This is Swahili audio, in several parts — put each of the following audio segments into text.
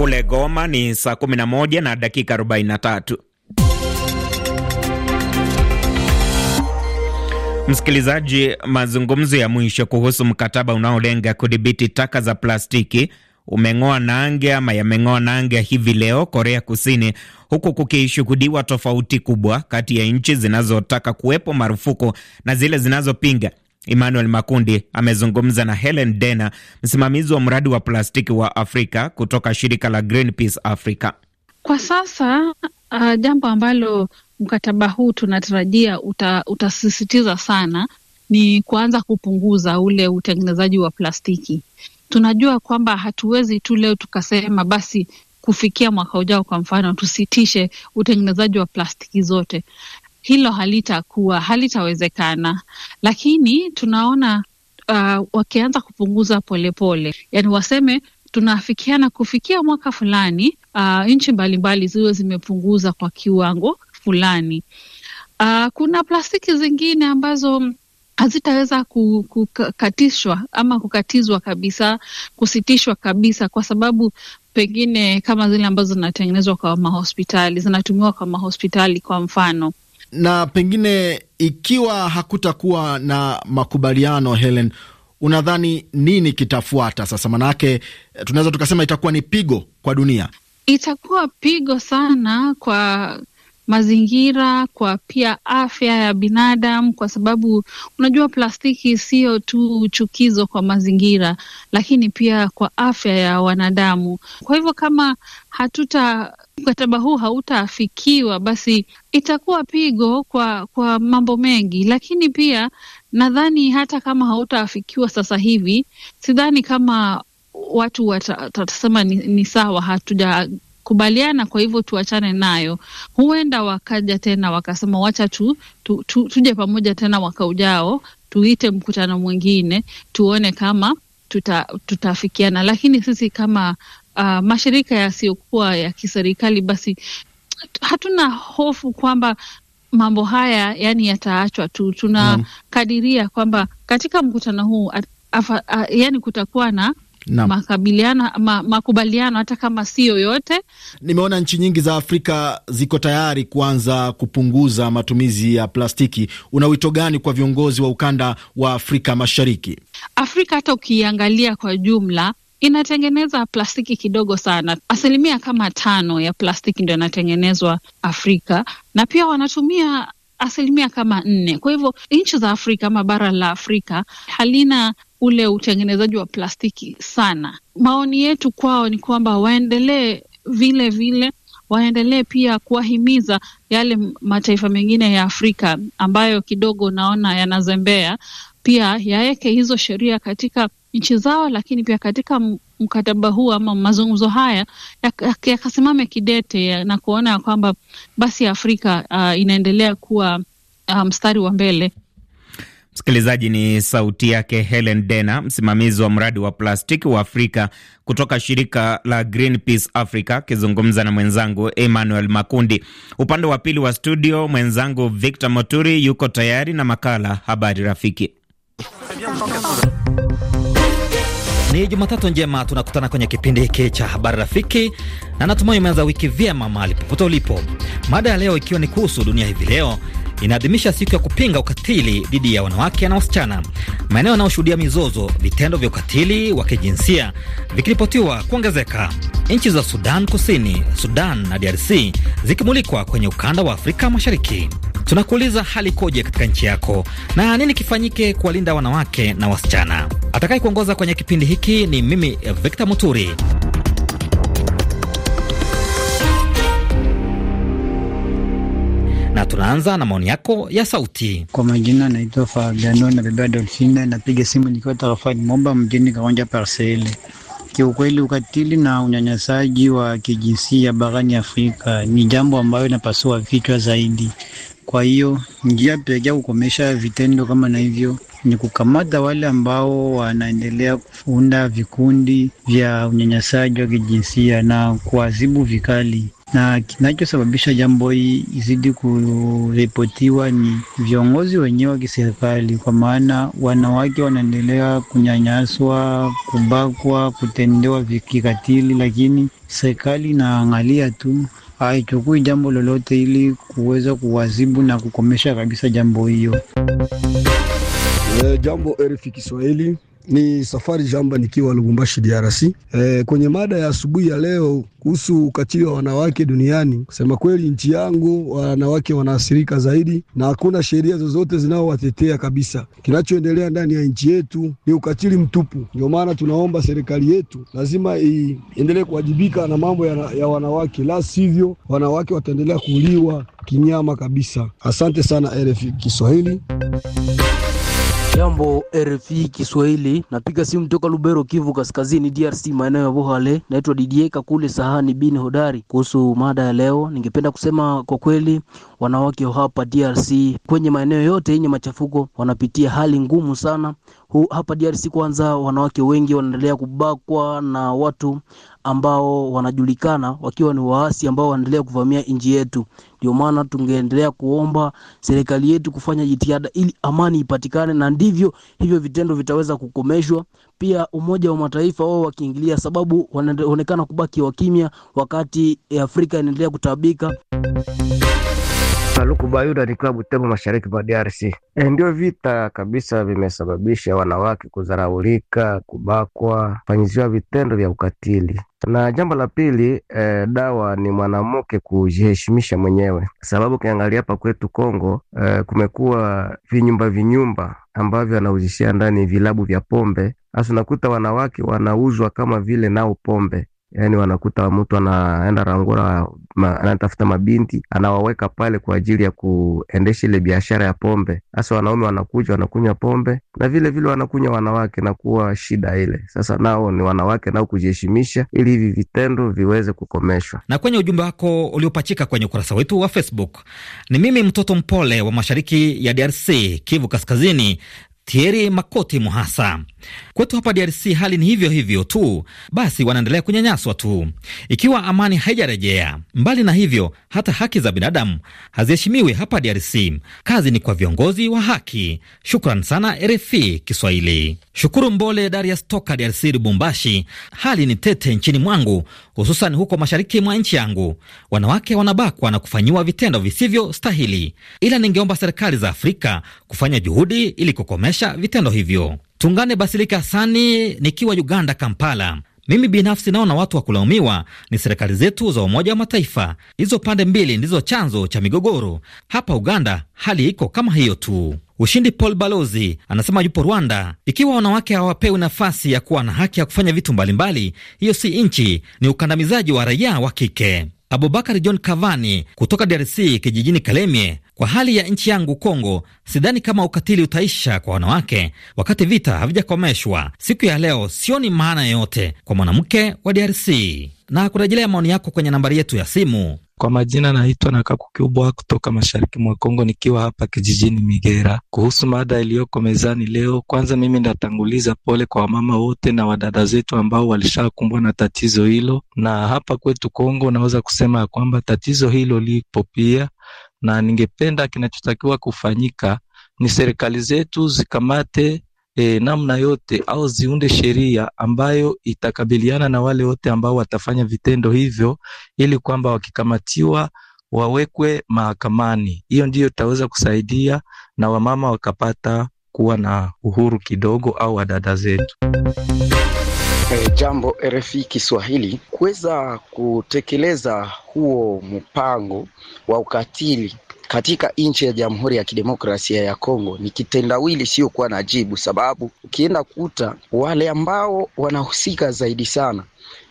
kule Goma ni saa 11 na dakika 43. Msikilizaji, mazungumzo ya mwisho kuhusu mkataba unaolenga kudhibiti taka za plastiki umeng'oa nange ama yameng'oa nange hivi leo Korea Kusini, huku kukishuhudiwa tofauti kubwa kati ya nchi zinazotaka kuwepo marufuku na zile zinazopinga. Emmanuel Makundi amezungumza na Helen Dena, msimamizi wa mradi wa plastiki wa Afrika kutoka shirika la Greenpeace Africa. Kwa sasa uh, jambo ambalo mkataba huu tunatarajia uta, utasisitiza sana ni kuanza kupunguza ule utengenezaji wa plastiki. Tunajua kwamba hatuwezi tu leo tukasema basi kufikia mwaka ujao, kwa mfano, tusitishe utengenezaji wa plastiki zote, hilo halitakuwa, halitawezekana. Lakini tunaona uh, wakianza kupunguza polepole, yani waseme tunaafikiana kufikia mwaka fulani, uh, nchi mbalimbali ziwe zimepunguza kwa kiwango fulani. Uh, kuna plastiki zingine ambazo hazitaweza kukatishwa ama kukatizwa kabisa, kusitishwa kabisa, kwa sababu pengine kama zile ambazo zinatengenezwa kwa mahospitali, zinatumiwa kwa mahospitali, kwa mfano na pengine ikiwa hakutakuwa na makubaliano Helen, unadhani nini kitafuata sasa? Manake eh, tunaweza tukasema itakuwa ni pigo kwa dunia. Itakuwa pigo sana kwa mazingira, kwa pia afya ya binadamu, kwa sababu unajua plastiki sio tu chukizo kwa mazingira, lakini pia kwa afya ya wanadamu. Kwa hivyo kama hatuta mkataba huu hautaafikiwa, basi itakuwa pigo kwa kwa mambo mengi, lakini pia nadhani hata kama hautaafikiwa sasa hivi, sidhani kama watu watasema ni, ni sawa hatuja kubaliana kwa hivyo tuachane nayo. Huenda wakaja tena wakasema wacha tu, tu, tu, tuje pamoja tena mwaka ujao, tuite mkutano mwingine tuone kama tuta, tutafikiana. Lakini sisi kama uh, mashirika yasiyokuwa ya kiserikali, basi hatuna hofu kwamba mambo haya yani yataachwa tu. Tunakadiria kwamba katika mkutano huu afa, a, uh, yani kutakuwa na na makabiliano ma, makubaliano hata kama si yoyote. Nimeona nchi nyingi za Afrika ziko tayari kuanza kupunguza matumizi ya plastiki. Una wito gani kwa viongozi wa ukanda wa Afrika Mashariki? Afrika hata ukiangalia kwa jumla inatengeneza plastiki kidogo sana, asilimia kama tano ya plastiki ndo inatengenezwa Afrika, na pia wanatumia asilimia kama nne. Kwa hivyo nchi za Afrika ama bara la Afrika halina ule utengenezaji wa plastiki sana. Maoni yetu kwao ni kwamba waendelee vile vile, waendelee pia kuwahimiza yale mataifa mengine ya Afrika ambayo kidogo naona yanazembea, pia yaweke hizo sheria katika nchi zao, lakini pia katika mkataba huu ama mazungumzo haya yakasimame kidete na kuona ya kwamba basi Afrika uh, inaendelea kuwa uh, mstari wa mbele. Msikilizaji, ni sauti yake Helen Dena, msimamizi wa mradi wa plastiki wa Afrika kutoka shirika la Greenpeace Africa, akizungumza na mwenzangu Emmanuel Makundi. Upande wa pili wa studio, mwenzangu Victor Moturi yuko tayari na makala Habari Rafiki. Ni Jumatatu njema, tunakutana kwenye kipindi hiki cha habari rafiki, na natumai umeanza wiki vyema mahali popote ulipo. Mada ya leo ikiwa ni kuhusu dunia hivi leo inaadhimisha siku ya kupinga ukatili dhidi ya wanawake na wasichana. Maeneo yanayoshuhudia mizozo, vitendo vya ukatili wa kijinsia vikiripotiwa kuongezeka, nchi za Sudan Kusini, Sudan na DRC zikimulikwa kwenye ukanda wa Afrika Mashariki. Tunakuuliza hali koje katika nchi yako na nini kifanyike kuwalinda wanawake na wasichana. Atakaye kuongoza kwenye kipindi hiki ni mimi eh, Victor Muturi. na tunaanza na maoni yako ya sauti. Kwa majina naitwa Fabiano na Bebea Dolfina, napiga simu nikiwa tarafani Moba mjini Kaonja Parcele. Kiukweli, ukatili na unyanyasaji wa kijinsia barani Afrika ni jambo ambayo inapasua vichwa zaidi, kwa hiyo njia pekee kukomesha vitendo kama na hivyo ni kukamata wale ambao wanaendelea kuunda vikundi vya unyanyasaji wa kijinsia na kuadhibu vikali na kinachosababisha jambo hii izidi kuripotiwa ni viongozi wenyewe wa kiserikali, kwa maana wanawake wanaendelea kunyanyaswa, kubakwa, kutendewa kikatili, lakini serikali inaangalia tu, haichukui jambo lolote ili kuweza kuwazibu na kukomesha kabisa jambo hiyo. E, jambo RFI Kiswahili. Ni Safari Jamba nikiwa Lubumbashi, DRC. E, kwenye mada ya asubuhi ya leo kuhusu ukatili wa wanawake duniani, kusema kweli, nchi yangu wanawake wanaathirika zaidi na hakuna sheria zozote zinaowatetea kabisa. Kinachoendelea ndani ya nchi yetu ni ukatili mtupu. Ndio maana tunaomba serikali yetu lazima iendelee kuwajibika na mambo ya, ya wanawake, la sivyo wanawake wataendelea kuuliwa kinyama kabisa. Asante sana RFI Kiswahili. Jambo RFI Kiswahili, napiga simu toka Lubero, Kivu Kaskazini, DRC, maeneo ya Buhale. Naitwa Didier Kakule Sahani bin Hodari. Kuhusu mada ya leo, ningependa kusema kwa kweli wanawake hapa DRC kwenye maeneo yote yenye machafuko wanapitia hali ngumu sana. Hu, hapa DRC kwanza, wanawake wengi wanaendelea kubakwa na watu ambao wanajulikana wakiwa ni waasi ambao wanaendelea kuvamia nchi yetu. Ndio maana tungeendelea kuomba serikali yetu kufanya jitihada ili amani ipatikane, na ndivyo hivyo vitendo vitaweza kukomeshwa. Pia Umoja wa Mataifa wao wakiingilia, sababu wanaonekana kubaki wakimya wakati Afrika inaendelea kutabika Saluku Bayuda ni klabu Tembo, mashariki mwa DRC. E, eh, ndio vita kabisa vimesababisha wanawake kudharaulika, kubakwa, fanyiziwa vitendo vya ukatili na jambo la pili e, dawa ni mwanamke kujiheshimisha mwenyewe, sababu ukiangalia hapa kwetu Kongo e, kumekuwa vinyumba vinyumba ambavyo wanauzishia ndani vilabu vya pombe, hasa unakuta wanawake wanauzwa kama vile nao pombe. Yani wanakuta mtu anaenda Rangura ma, anatafuta mabinti anawaweka pale kwa ajili ya kuendesha ile biashara ya pombe. Sasa wanaume wanakuja wanakunywa pombe na vile vile wanakunywa wanawake na kuwa shida ile. Sasa nao ni wanawake nao kujiheshimisha, ili hivi vitendo viweze kukomeshwa. Na kwenye ujumbe wako uliopachika kwenye ukurasa wetu wa Facebook, ni mimi mtoto mpole wa mashariki ya DRC, Kivu Kaskazini, Thierry Makoti Muhasa Kwetu hapa DRC hali ni hivyo hivyo tu, basi wanaendelea kunyanyaswa tu ikiwa amani haijarejea. Mbali na hivyo, hata haki za binadamu haziheshimiwi hapa DRC. Kazi ni kwa viongozi wa haki. Shukran sana RFI Kiswahili. Shukuru Mbole Darius toka DRC, Lubumbashi. Hali ni tete nchini mwangu, hususan huko mashariki mwa nchi yangu. Wanawake wanabakwa na kufanyiwa vitendo visivyo stahili, ila ningeomba serikali za Afrika kufanya juhudi ili kukomesha vitendo hivyo. Tungane Basilika Hasani nikiwa Uganda, Kampala. Mimi binafsi naona watu wa kulaumiwa ni serikali zetu za Umoja wa Mataifa. Hizo pande mbili ndizo chanzo cha migogoro hapa Uganda. Hali iko kama hiyo tu. Ushindi Paul Balozi anasema yupo Rwanda. Ikiwa wanawake hawapewi nafasi ya kuwa na haki ya kufanya vitu mbalimbali, hiyo si nchi, ni ukandamizaji wa raia wa kike. Abubakar John Kavani kutoka DRC kijijini Kalemie. Kwa hali ya nchi yangu Kongo, sidhani kama ukatili utaisha kwa wanawake wakati vita havijakomeshwa. Siku ya leo sioni maana yoyote kwa mwanamke wa DRC. Na kurejelea maoni yako kwenye nambari yetu ya simu kwa majina naitwa na Kaku Kubwa kutoka mashariki mwa Kongo, nikiwa hapa kijijini Migera. Kuhusu mada iliyoko mezani leo, kwanza mimi ndatanguliza pole kwa wamama wote na wadada zetu ambao walishakumbwa na tatizo hilo, na hapa kwetu Kongo naweza kusema ya kwamba tatizo hilo lipo pia, na ningependa kinachotakiwa kufanyika ni serikali zetu zikamate e, namna yote au ziunde sheria ambayo itakabiliana na wale wote ambao watafanya vitendo hivyo, ili kwamba wakikamatiwa wawekwe mahakamani. Hiyo ndiyo itaweza kusaidia na wamama wakapata kuwa na uhuru kidogo, au wadada zetu. E, jambo RFI Kiswahili, kuweza kutekeleza huo mpango wa ukatili katika nchi ya Jamhuri ya Kidemokrasia ya Kongo ni kitendawili isiyokuwa na jibu, sababu ukienda kuta wale ambao wanahusika zaidi sana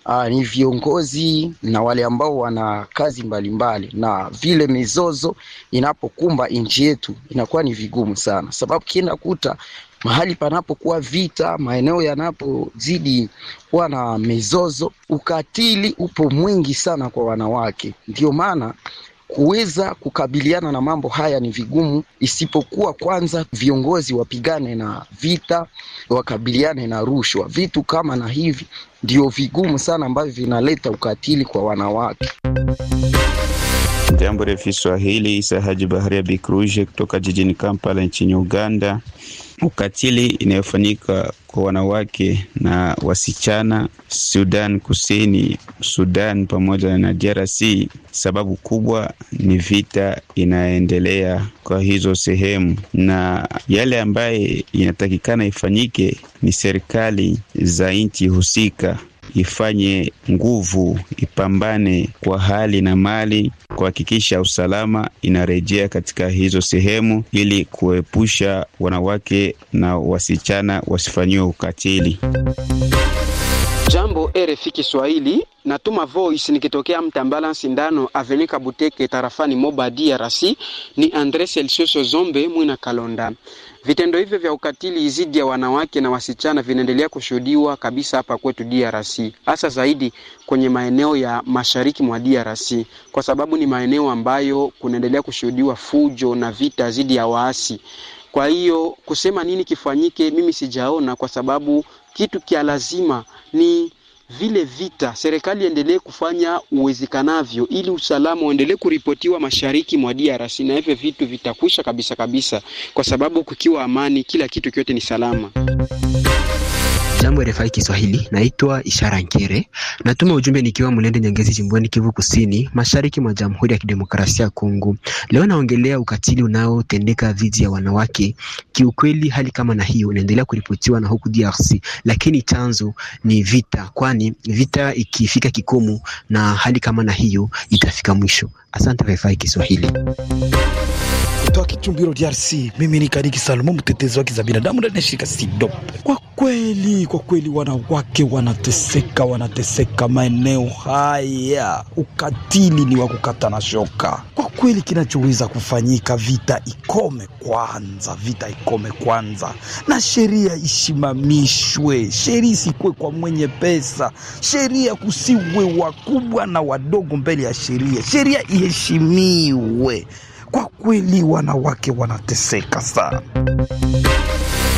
Aa, ah, ni viongozi na wale ambao wana kazi mbalimbali mbali. Na vile mizozo inapokumba nchi yetu inakuwa ni vigumu sana, sababu ukienda kuta mahali panapokuwa vita, maeneo yanapozidi kuwa na mizozo, ukatili upo mwingi sana kwa wanawake. Ndio maana Kuweza kukabiliana na mambo haya ni vigumu, isipokuwa kwanza viongozi wapigane na vita, wakabiliane na rushwa. Vitu kama na hivi ndio vigumu sana ambavyo vinaleta ukatili kwa wanawake. Jambo refu Swahili, Isa Haji Baharia Bikruje kutoka jijini Kampala nchini Uganda. Ukatili inayofanyika kwa wanawake na wasichana Sudan Kusini, Sudan pamoja na DRC, sababu kubwa ni vita inaendelea kwa hizo sehemu, na yale ambaye inatakikana ifanyike ni serikali za nchi husika ifanye nguvu, ipambane kwa hali na mali kuhakikisha usalama inarejea katika hizo sehemu ili kuepusha wanawake na wasichana wasifanyiwe ukatili. Jambo RFI Kiswahili, natuma voice nikitokea Mtambala Sindano Avenika Buteke tarafani Moba DRC. Ni Andre Celsius Zombe Mwina Kalonda. Vitendo hivyo vya ukatili dhidi ya wanawake na wasichana vinaendelea kushuhudiwa kabisa hapa kwetu DRC, hasa zaidi kwenye maeneo ya mashariki mwa DRC, kwa sababu ni maeneo ambayo kunaendelea kushuhudiwa fujo na vita dhidi ya waasi. Kwa hiyo kusema nini kifanyike, mimi sijaona, kwa sababu kitu kia lazima ni vile vita, serikali endelee kufanya uwezekanavyo ili usalama uendelee kuripotiwa mashariki mwa DRC, na hivyo vitu vitakwisha kabisa kabisa, kwa sababu kukiwa amani, kila kitu kyote ni salama. Jambo RFI Kiswahili, naitwa Ishara Nkere. Natuma ujumbe nikiwa Mlende Nyangezi, jimboni Kivu Kusini, mashariki mwa Jamhuri ya Kidemokrasia ya Kongo. Leo naongelea ukatili unaotendeka dhidi ya wanawake. Kiukweli, hali kama na hiyo inaendelea kuripotiwa na huku DRC, lakini chanzo ni vita, kwani vita ikifika kikomo na hali kama na hiyo itafika mwisho. Asante RFI Kiswahili kutoka Kichumbiro, DRC. Mimi ni Kadiki Salomo, mtetezi wa haki za binadamu ndani ya shirika SIDOP. Kwa kweli, kwa kweli wanawake wanateseka, wanateseka maeneo haya, ukatili ni wa kukata na shoka. Kwa kweli, kinachoweza kufanyika, vita ikome kwanza, vita ikome kwanza, na sheria isimamishwe, sheria isikuwe kwa mwenye pesa, sheria kusiwe wakubwa na wadogo mbele ya sheria, sheria iheshimiwe. Kwa kweli wanawake wanateseka sana.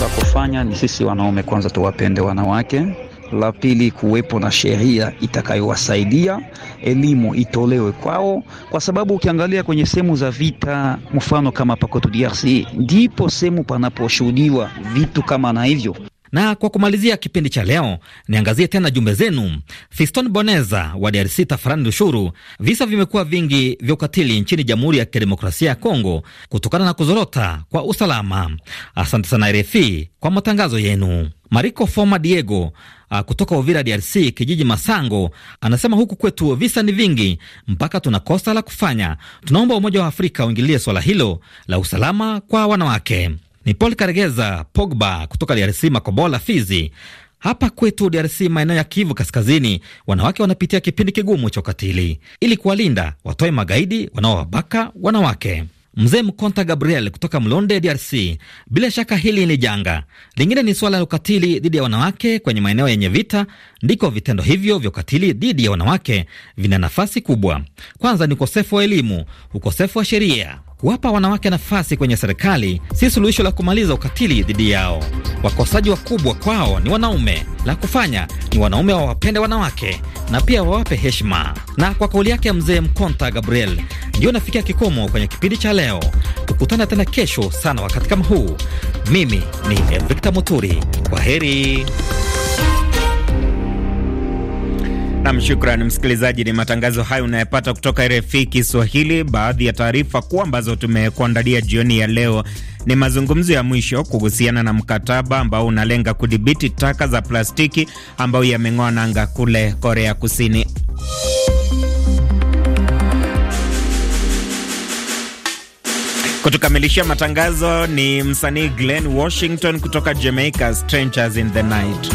La kufanya ni sisi wanaume kwanza tuwapende wanawake. La pili, kuwepo na sheria itakayowasaidia, elimu itolewe kwao, kwa sababu ukiangalia kwenye sehemu za vita, mfano kama pakotu DRC, ndipo sehemu panaposhuhudiwa vitu kama na hivyo. Na kwa kumalizia kipindi cha leo, niangazie tena jumbe zenu. Fiston Boneza wa DRC tafarani Rushuru, visa vimekuwa vingi vya ukatili nchini Jamhuri ya Kidemokrasia ya Kongo kutokana na kuzorota kwa usalama. Asante sana RFI kwa matangazo yenu. Mariko Foma Diego ah, kutoka Uvira DRC, kijiji Masango, anasema huku kwetu visa ni vingi mpaka tunakosa la kufanya. Tunaomba Umoja wa Afrika uingilie swala hilo la usalama kwa wanawake. Ni Paul Karegeza Pogba kutoka DRC, Makobola, Fizi. Hapa kwetu DRC, maeneo ya Kivu Kaskazini, wanawake wanapitia kipindi kigumu cha ukatili. Ili kuwalinda, watoe magaidi wanaowabaka wanawake. Mzee Mkonta Gabriel kutoka Mlonde, DRC. Bila shaka hili ni janga lingine, ni suala la ukatili dhidi ya wanawake kwenye maeneo yenye vita. Ndiko vitendo hivyo vya ukatili dhidi ya wanawake vina nafasi kubwa. Kwanza ni ukosefu wa elimu, ukosefu wa sheria Kuwapa wanawake nafasi kwenye serikali si suluhisho la kumaliza ukatili dhidi yao. Wakosaji wakubwa kwao ni wanaume, la kufanya ni wanaume wawapende wanawake na pia wawape heshima. Na kwa kauli yake ya mzee Mkonta Gabriel ndio inafikia kikomo kwenye kipindi cha leo. tukutana tena kesho sana wakati kama huu. Mimi ni Victor Muturi, kwa heri. Nam, shukran msikilizaji. Ni matangazo hayo unayopata kutoka RFI Kiswahili. Baadhi ya taarifa kuu ambazo tumekuandalia jioni ya leo ni mazungumzo ya mwisho kuhusiana na mkataba ambao unalenga kudhibiti taka za plastiki ambayo yameng'oa nanga kule Korea Kusini. Kutukamilisha matangazo ni msanii Glen Washington kutoka jamaica Strangers in the Night.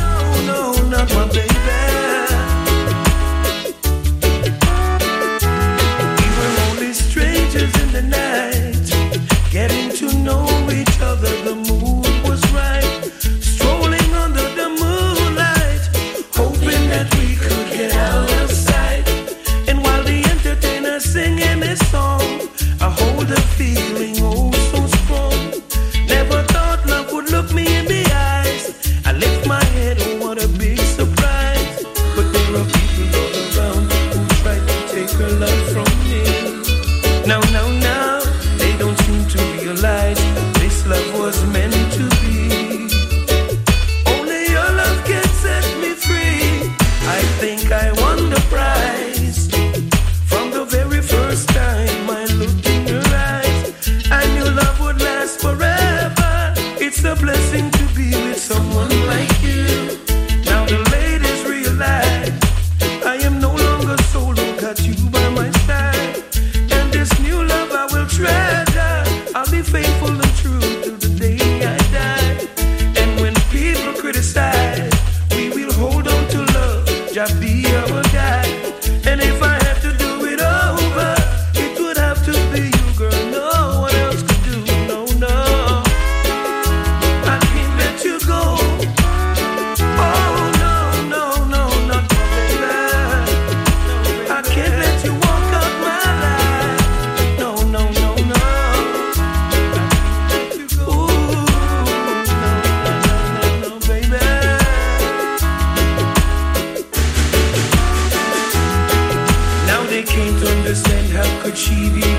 achieve you.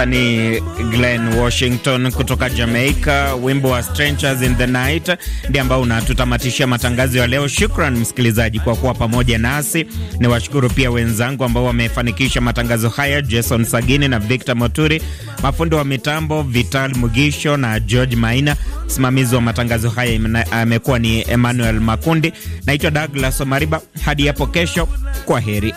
msanii Glen Washington kutoka Jamaica. Wimbo wa Strangers in the Night ndio ambao unatutamatishia matangazo ya leo. Shukran msikilizaji kwa kuwa pamoja nasi. Ni washukuru pia wenzangu ambao wamefanikisha matangazo haya, Jason Sagini na Victor Moturi, mafundi wa mitambo Vital Mugisho na George Maina. Msimamizi wa matangazo haya amekuwa ni Emmanuel Makundi. Naitwa Douglas Omariba. Hadi hapo kesho, kwa heri.